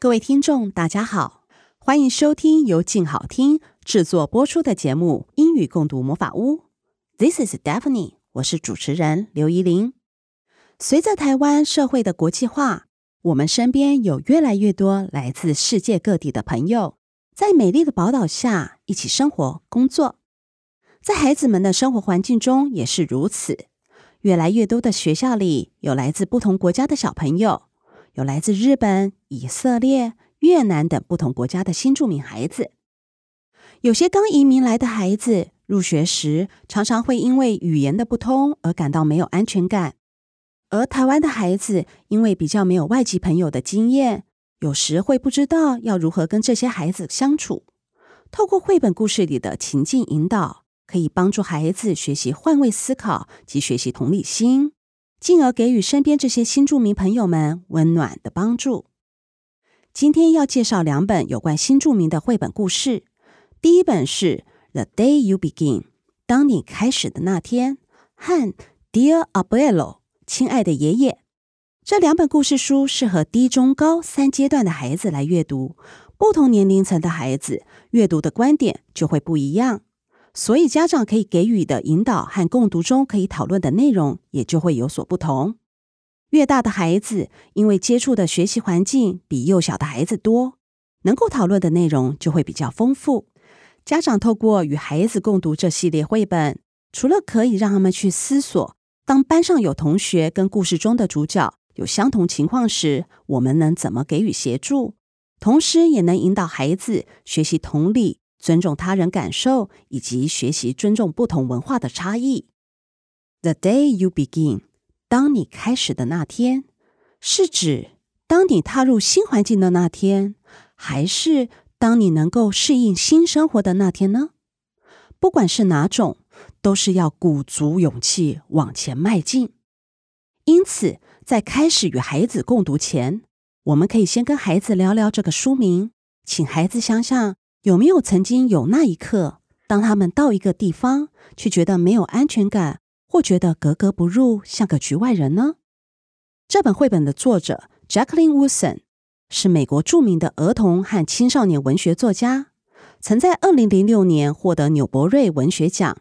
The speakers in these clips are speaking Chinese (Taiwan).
各位聽眾，大家好，歡迎收聽由靜好聽製作播出的節目《英語共讀魔法屋》。This is Daphne，我是主持人劉怡伶。隨着台灣社會的國際化，我們身邊有越來越多來自世界各地的朋友，在美麗的寶島下一起生活、工作。在孩子們的生活環境中也是如此，越來越多的學校裡有來自不同國家的小朋友。有來自日本、以色列、越南等不同國家的新住民孩子，有些剛移民來的孩子入學時，常常會因為語言的不通而感到沒有安全感。而台灣的孩子因為比較沒有外籍朋友的經驗，有時會不知道要如何跟這些孩子相處。透過繪本故事裡的情境引導，可以幫助孩子學習換位思考及學習同理心。進而給予身邊這些新住民朋友們溫暖的幫助。今天要介紹兩本有關新住民的繪本故事。第一本是《The Day You Begin》，當你開始的那天，和 Dear Abuelo，親愛的爺爺。這兩本故事書適合低、中、高三階段的孩子來閱讀。不同年齡層的孩子閱讀的觀點就會不一樣。所以，家長可以給予的引導和共讀中可以討論的內容也就會有所不同。越大的孩子，因為接觸的學習環境比幼小的孩子多，能夠討論的內容就會比較豐富。家長透過與孩子共讀這系列繪本，除了可以讓他們去思索，當班上有同學跟故事中的主角有相同情況時，我們能怎麼給予協助，同時也能引導孩子學習同理。尊重他人感受，以及學習尊重不同文化的差異。The day you begin，當你開始的那天，是指當你踏入新環境的那天，還是當你能夠適應新生活的那天呢？不管是哪種，都是要鼓足勇氣往前邁進。因此，在開始與孩子共讀前，我們可以先跟孩子聊聊這個書名，請孩子想想。有沒有曾經有那一刻，當他們到一個地方，卻覺得沒有安全感，或覺得格格不入，像個局外人呢？這本繪本的作者 Jacqueline Wilson 是美國著名的兒童和青少年文學作家，曾在二零零六年獲得紐伯瑞文學獎，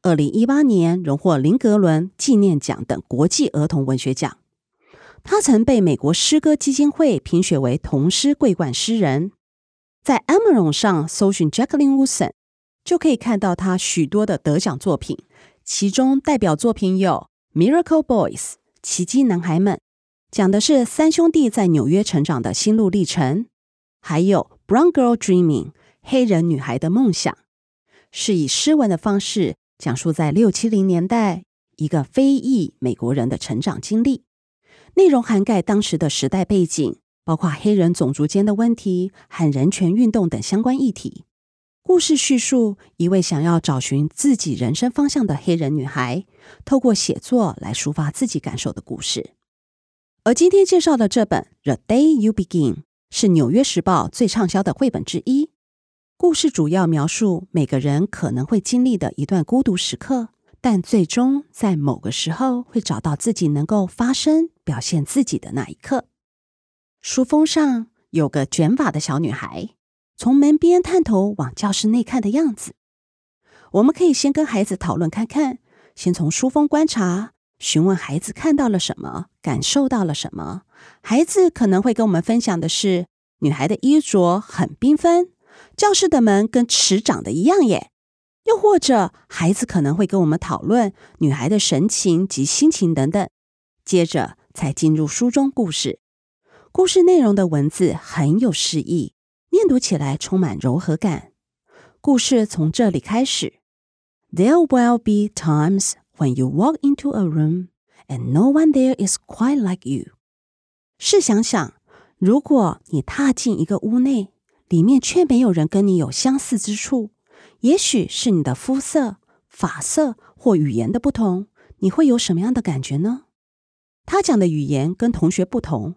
二零一八年榮獲林格倫紀念獎等國際兒童文學獎。他曾被美國詩歌基金會評選為童詩桂冠詩人。在 Amazon 上搜尋 Jacqueline Woodson，就可以看到他許多的得獎作品，其中代表作品有《Miracle Boys》（奇蹟男孩們），講的是三兄弟在紐約成長的心路歷程；還有《Brown Girl Dreaming》（黑人女孩的夢想），是以詩文的方式講述在六七零年代一個非裔美國人的成長經歷，內容涵蓋當時的時代背景。包括黑人種族間的問題和人權運動等相關議題。故事敘述一位想要找尋自己人生方向的黑人女孩，透過寫作來抒發自己感受的故事。而今天介紹的這本《The Day You Begin》是《紐約時報》最暢銷的繪本之一。故事主要描述每個人可能會經歷的一段孤獨時刻，但最終在某個時候會找到自己能夠發聲、表現自己的那一刻。書封上有個捲髮的小女孩，從門邊探頭往教室內看的樣子。我們可以先跟孩子討論看看，先從書封觀察，詢問孩子看到了什麼，感受到了什麼。孩子可能會跟我們分享的是，女孩的衣着很繽紛，教室的門跟池長得一樣耶。又或者，孩子可能會跟我們討論女孩的神情及心情等等。接着才進入書中故事。故事內容的文字很有詩意，念讀起來充滿柔和感。故事從這裡開始：There will be times when you walk into a room and no one there is quite like you. 試想想，如果你踏進一個屋內，裡面卻沒有人跟你有相似之處，也許是你的膚色、髮色或語言的不同，你會有什麼樣的感覺呢？他講的語言跟同學不同。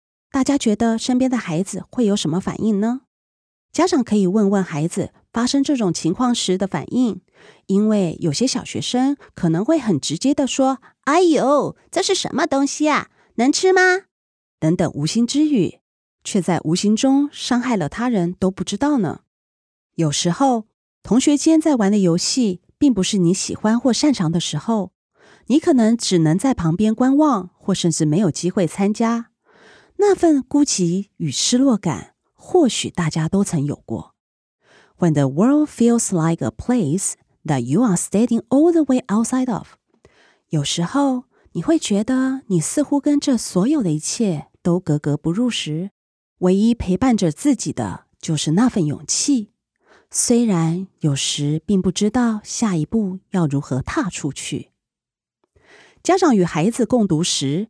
大家覺得身邊的孩子會有什麼反應呢？家長可以問問孩子發生這種情況時的反應，因為有些小學生可能會很直接的說：“哎呦，這是什麼東西啊？能吃嗎？”等等，無心之語，卻在無形中傷害了他人，都不知道呢。有時候，同學間在玩的遊戲，並不是你喜歡或擅長的時候，你可能只能在旁邊觀望，或甚至沒有機會參加。那份孤寂與失落感，或許大家都曾有過。When the world feels like a place that you are standing all the way outside of，有時候你會覺得你似乎跟這所有的一切都格格不入時，唯一陪伴着自己的就是那份勇氣。雖然有時並不知道下一步要如何踏出去。家長與孩子共讀時，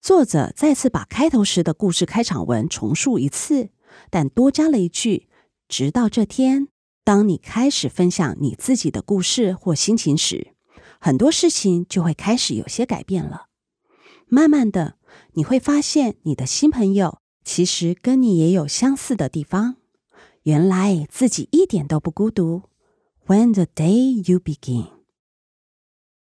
作者再次把開頭時的故事開場文重述一次，但多加了一句：“直到這天，當你開始分享你自己的故事或心情時，很多事情就會開始有些改變了。慢慢的，你會發現你的新朋友其實跟你也有相似的地方，原來自己一點都不孤獨。” When the day you begin.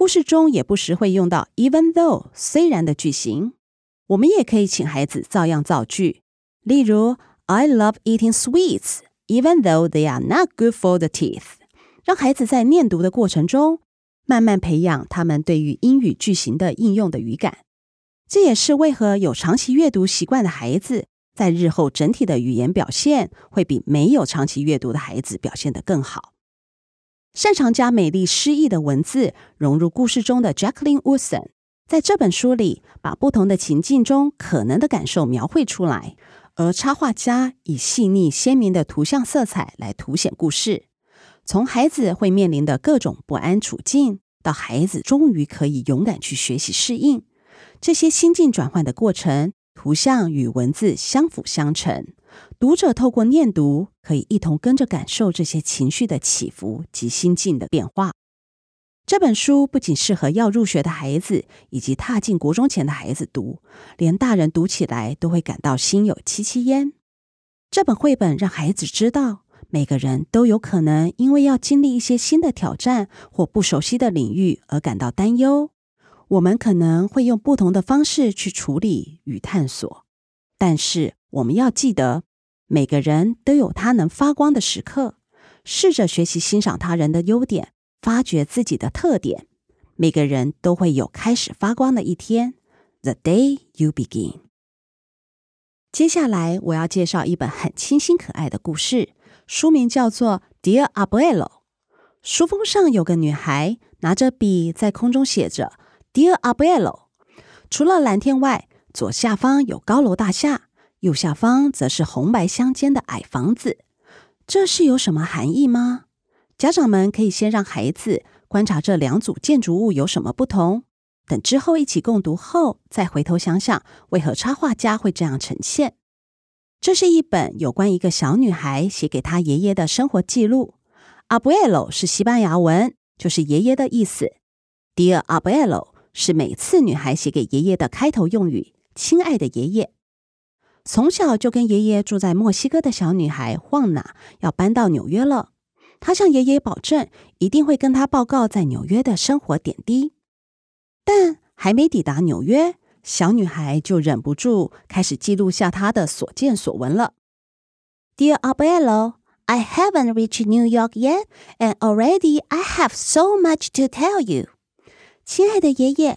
故事中也不時會用到 even though 雖然的句型，我們也可以請孩子照樣造句，例如 I love eating sweets even though they are not good for the teeth。讓孩子在念讀的過程中，慢慢培養他們對於英語句型的應用的語感。這也是為何有長期閱讀習慣的孩子，在日後整體的語言表現會比沒有長期閱讀的孩子表現得更好。擅長將美麗詩意的文字融入故事中的 Jacqueline Wilson，在這本書裡，把不同的情境中可能的感受描繪出來，而插畫家以細膩鮮明的圖像色彩來凸顯故事。從孩子會面臨的各種不安處境，到孩子終於可以勇敢去學習適應，這些心境轉換的過程，圖像與文字相輔相成。讀者透過念讀，可以一同跟着感受這些情緒的起伏及心境的變化。這本書不僅適合要入學的孩子以及踏進國中前的孩子讀，連大人讀起來都會感到心有戚戚焉。這本繪本讓孩子知道，每個人都有可能因為要經歷一些新的挑戰或不熟悉的領域而感到擔憂。我們可能會用不同的方式去處理與探索，但是，我們要記得，每個人都有他能發光的時刻。試着學習欣賞他人的優點，發掘自己的特點。每個人都會有開始發光的一天。The day you begin。接下來我要介紹一本很清新可愛的故事，書名叫做《Dear Abuelo》。書封上有個女孩拿着筆在空中寫着 “Dear Abuelo”，除了藍天外，左下方有高樓大廈。右下方則是紅白相間的矮房子，這是有什麼含義嗎？家長們可以先讓孩子觀察這兩組建築物有什麼不同，等之後一起共讀後再回頭想想為何插畫家會這樣呈現。這是一本有關一個小女孩寫給她爺爺的生活記錄。Abuelo 是西班牙文，就是爺爺的意思。Dear a b u l l o Abuelo 是每次女孩寫給爺爺的開頭用語，親愛的爺爺。從小就跟爺爺住在墨西哥的小女孩旺娜要搬到紐約了。她向爺爺保證，一定會跟他報告在紐約的生活點滴。但還沒抵達紐約，小女孩就忍不住開始記錄下她的所見所聞了。Dear Abuelo, I haven't reached New York yet, and already I have so much to tell you。親愛的爺爺。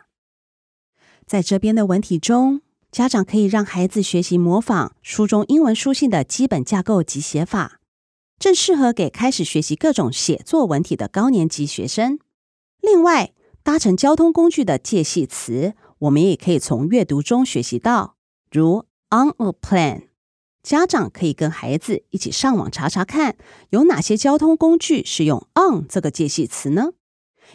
在這邊的文體中，家長可以讓孩子學習模仿書中英文書信的基本架構及寫法，正適合給開始學習各種寫作文體的高年級學生。另外，搭乘交通工具的介系詞，我們也可以從閱讀中學習到，如 on a plane。家長可以跟孩子一起上網查查看，有哪些交通工具是用 on 這個介系詞呢？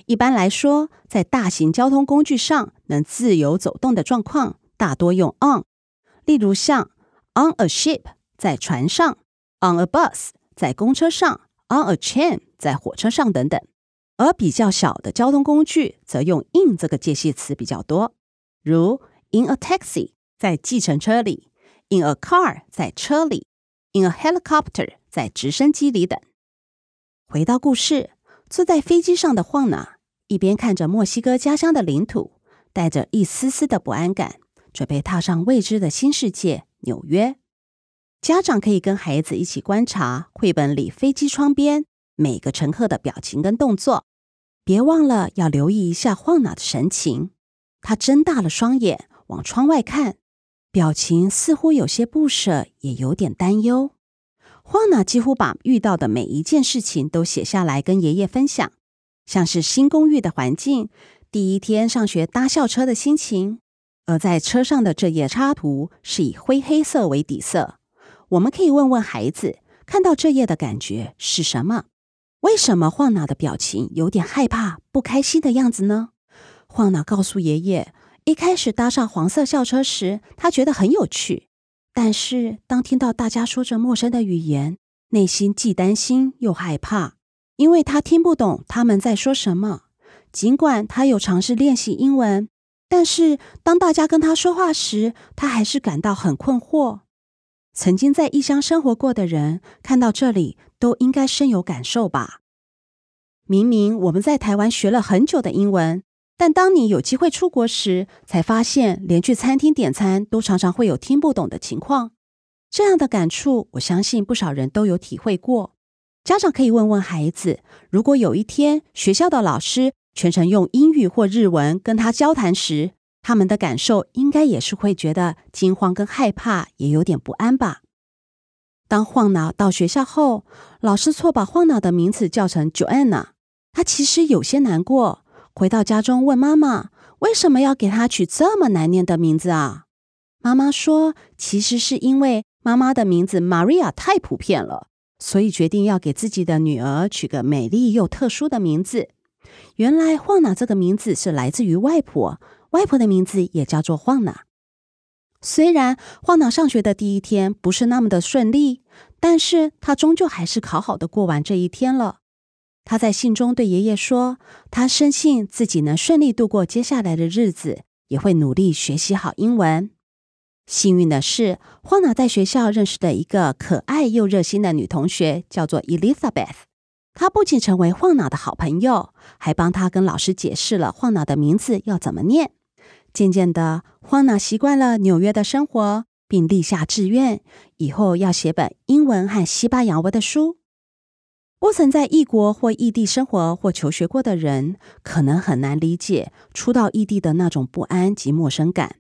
一般來說，在大型交通工具上能自由走動的狀況，大多用 on，例如像 on a ship 在船上，on a bus 在公車上，on a train 在火車上等等。而比較小的交通工具，則用 in 這個介系詞比較多，如 in a taxi 在計程車裡，in a car 在車裡，in a helicopter 在直升機裡等。回到故事。坐在飛機上的晃腦，一邊看着墨西哥家鄉的領土，帶着一絲絲的不安感，準備踏上未知的新世界——紐約。家長可以跟孩子一起觀察繪本裡飛機窗邊每個乘客的表情跟動作，別忘了要留意一下晃腦的神情。他睜大了雙眼往窗外看，表情似乎有些不捨，也有點擔憂。晃娜幾乎把遇到的每一件事情都寫下來，跟爺爺分享，像是新公寓的環境、第一天上學搭校車的心情。而在車上的這頁插圖是以灰黑色為底色，我們可以問問孩子，看到這頁的感覺是什麼？為什麼晃娜的表情有點害怕、不開心的樣子呢？晃娜告訴爺爺，一開始搭上黃色校車時，他覺得很有趣。但是，當聽到大家說着陌生的語言，內心既擔心又害怕，因為他聽不懂他們在說什麼。儘管他有嘗試練習英文，但是當大家跟他說話時，他還是感到很困惑。曾經在異鄉生活過的人，看到這裡都應該深有感受吧。明明我們在台灣學了很久的英文。但當你有機會出國時，才發現連去餐廳點餐都常常會有聽不懂的情況。這樣的感觸，我相信不少人都有體會過。家長可以問問孩子，如果有一天學校的老師全程用英語或日文跟他交談時，他們的感受應該也是會覺得驚慌跟害怕，也有點不安吧？當晃腦到學校後，老師錯把晃腦的名字叫成 Joanna，他其實有些難過。回到家中，問媽媽：“為什麼要給她取這麼難唸的名字啊？”媽媽說：“其實是因為媽媽的名字 Maria 太普遍了，所以決定要給自己的女兒取個美麗又特殊的名字。”原來，晃娜這個名字是來自於外婆，外婆的名字也叫做晃娜。雖然晃娜上學的第一天不是那麼的順利，但是她終究還是好好的過完這一天了。他在信中對爺爺說：“他深信自己能順利度過接下來的日子，也會努力學習好英文。幸運的是，晃腦在學校認識的一個可愛又熱心的女同學叫做 Elizabeth，她不僅成為晃腦的好朋友，還幫她跟老師解釋了晃腦的名字要怎麼念。漸漸的，晃腦習慣了紐約的生活，並立下志願，以後要寫本英文和西班牙文的書。”不曾在異國或異地生活或求學過的人，可能很難理解初到異地的那種不安及陌生感。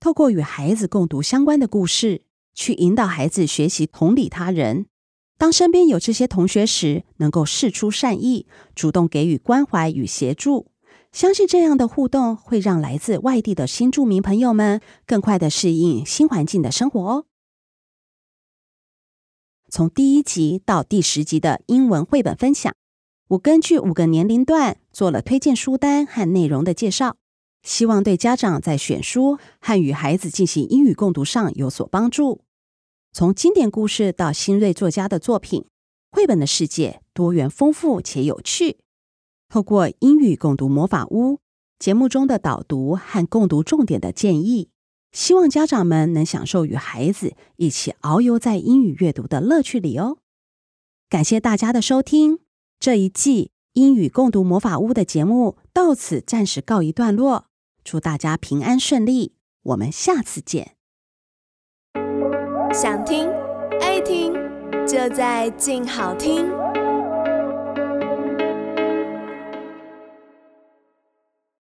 透過與孩子共讀相關的故事，去引導孩子學習同理他人。當身邊有這些同學時，能夠釋出善意，主動給予關懷與協助。相信這樣的互動會讓來自外地的新住民朋友們更快地適應新環境的生活哦。從第一集到第十集的英文繪本分享，我根據五個年齡段做了推薦書單和內容的介紹，希望對家長在選書和與孩子進行英語共讀上有所幫助。從經典故事到新銳作家的作品，繪本的世界多元豐富且有趣。透過英語共讀魔法屋，節目中的導讀和共讀重點的建議。希望家長們能享受與孩子一起遨遊在英語閱讀的樂趣裡哦！感謝大家的收聽，這一季英語共讀魔法屋的節目到此暫時告一段落，祝大家平安順利，我們下次見。想聽，愛聽，就在靜好聽。